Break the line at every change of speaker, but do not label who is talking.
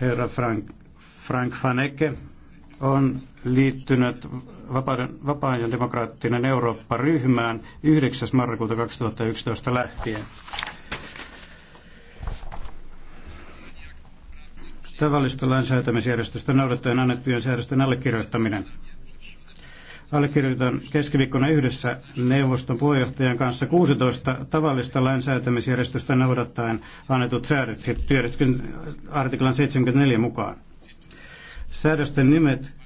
herra Frank, Frank Faneke on liittynyt vapauden, vapaan ja demokraattinen Eurooppa-ryhmään 9. marraskuuta 2011 lähtien. Tavallista lainsäätämisjärjestystä noudattaen annettujen säädösten allekirjoittaminen allekirjoitan keskiviikkona yhdessä neuvoston puheenjohtajan kanssa 16 tavallista lainsäätämisjärjestystä noudattaen annetut säädökset artiklan 74 mukaan. Säädösten nimet